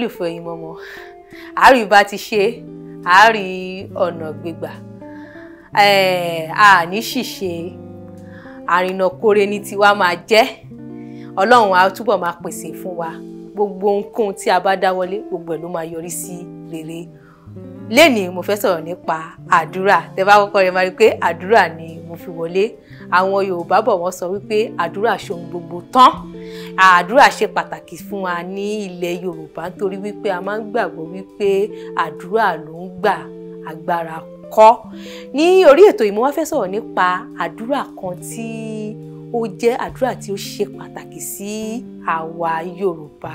olólùfẹ́ yín mọ́mọ́ àárí bá ti ṣe àárí ọ̀nà gbégbà àní ṣìṣe àrìnà kore ní tiwa máa jẹ́ ọlọ́run á túbọ̀ máa pèsè fún wa gbogbo ohunkóhun tí a bá dáwọ́lé gbogbo ẹ̀ ló máa yọrí sí rere lénìí mo fẹ́ sọ̀rọ̀ nípa àdúrà tẹ́ bá kọ́kọ́ rẹ máa rí i pé àdúrà ni mo fi wọlé àwọn yorùbá bọ̀ wọ́n sọ wípé àdúrà ṣohun gbogbo tán àdúrà ṣe pàtàkì fún wa ní ilẹ̀ yorùbá nítorí wípé a máa ń gbàgbọ́ wípé àdúrà ló ń gbà agbára kọ́ ní orí ètò yìí mo wá fẹ́ sọ̀rọ̀ nípa àdúrà kan tí ó jẹ́ àdúrà tí ó ṣe pàtàkì sí àwa yorùbá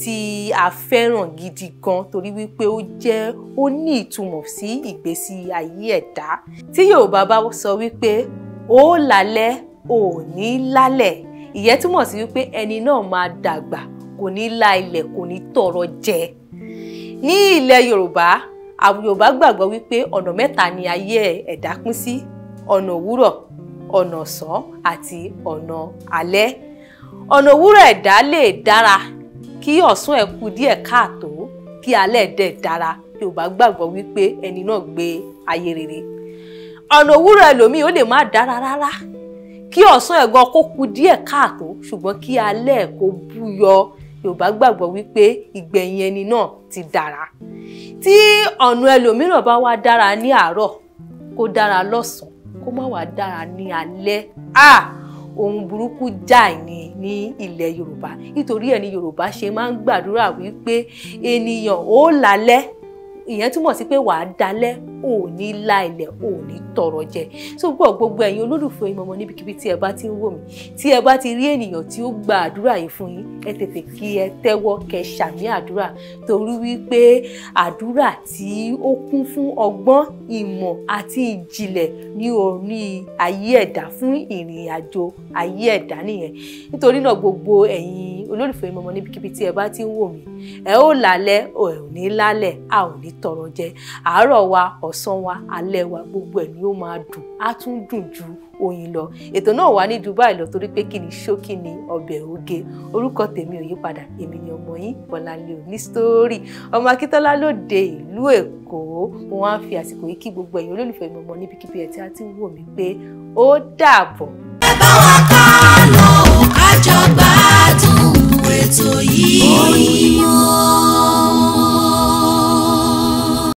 tí a fẹ́ràn gidi gan torí wípé ó jẹ́ ó ní ìtumọ̀ sí ìgbésí ayé ẹ̀dá tí yorùbá bá sọ wípé ó lálẹ́ ò ní lálẹ̀ ìyẹn túmọ̀ sí wípé ẹni náà máa dàgbà kò ní la ilẹ̀ kò ní tọrọ jẹ ní ilẹ̀ Yorùbá àwọn Yorùbá gbàgbọ́ wípé ọ̀nà mẹ́ta ni ayé ẹ̀dá pín sí ọ̀nà òwúrọ̀ ọ̀nà ọ̀sán àti ọ̀nà alẹ́ ọ̀nà òwúrọ̀ ẹ̀dá lè dára kí ọ̀sán ẹ̀ kú díẹ̀ káàtó kí alẹ́ dẹ̀ dára Yorùbá gbàgbọ́ wípé ẹni náà gbé ayé rere ọ̀nà òwúrọ̀ ẹlòmíì ó lè má dára rárá kí ọ̀sán ẹ̀gan kó ku díẹ̀ káàtó ṣùgbọ́n kí alẹ́ ẹ̀ kó búyọ yorùbá gbàgbọ́ wípé ìgbẹ̀yìn ẹni náà ti dára tí ọ̀nà ẹlòmíràn bá wá dára ní àárọ̀ kó dára lọ́sàn-án kó má wá dára ní alẹ́ ah ohun burúkú jáì ni ní ilẹ̀ yorùbá nítorí ẹni yorùbá ṣe máa ń gbàdúrà wípé ènìyàn ó lálẹ́ ìyẹn túmọ̀ sí pé wàá dalẹ̀ ò ní la ilẹ̀ ò ní tọrọ jẹ so gbọ́ gbogbo ẹ̀yin olólùfẹ́ yín mọ́mọ́ níbikíbi tí ẹ bá ti ń wò mí tí ẹ bá ti rí ènìyàn tí ó gba àdúrà yìí fún yín ẹ tètè kí ẹ tẹ́wọ́ kẹ́ ṣàmì àdúrà torí wípé àdúrà tí ó kún fún ọgbọ́n ìmọ̀ àti ìjìnlẹ̀ ní orí ayé ẹ̀dá fún ìrìn àjò ayé ẹ̀dá nìyẹn nítorí náà gbogbo ẹ̀yin olólùfẹ́ mi ọmọ níbikíbi tí ẹ bá ti ń wò mí ẹ ó lálẹ́ ẹ ò ní lálẹ́ a ò ní tọrọ jẹ àárọ̀ wa ọ̀sán wa alẹ́ wa gbogbo ẹ̀ ni ó máa dùn á tún dùn ju oyin lọ ètò náà wà ní Dubai lọ torí pé kí ni ṣókí ni ọbẹ̀ oge orúkọ tèmi ò yípadà èmi ni ọmọ yín Bọ́láńlé Onísítórì ọmọ Akíntọ́lá lóde ìlú Èkó mo wá ń fi àsìkò yìí kí gbogbo ẹ̀yin olólùfẹ́ mi ọmọ níbikíbi ẹ̀ tí a ti wò mí pé ó dàbọ̀. bàbá wa ká lọ ká jọ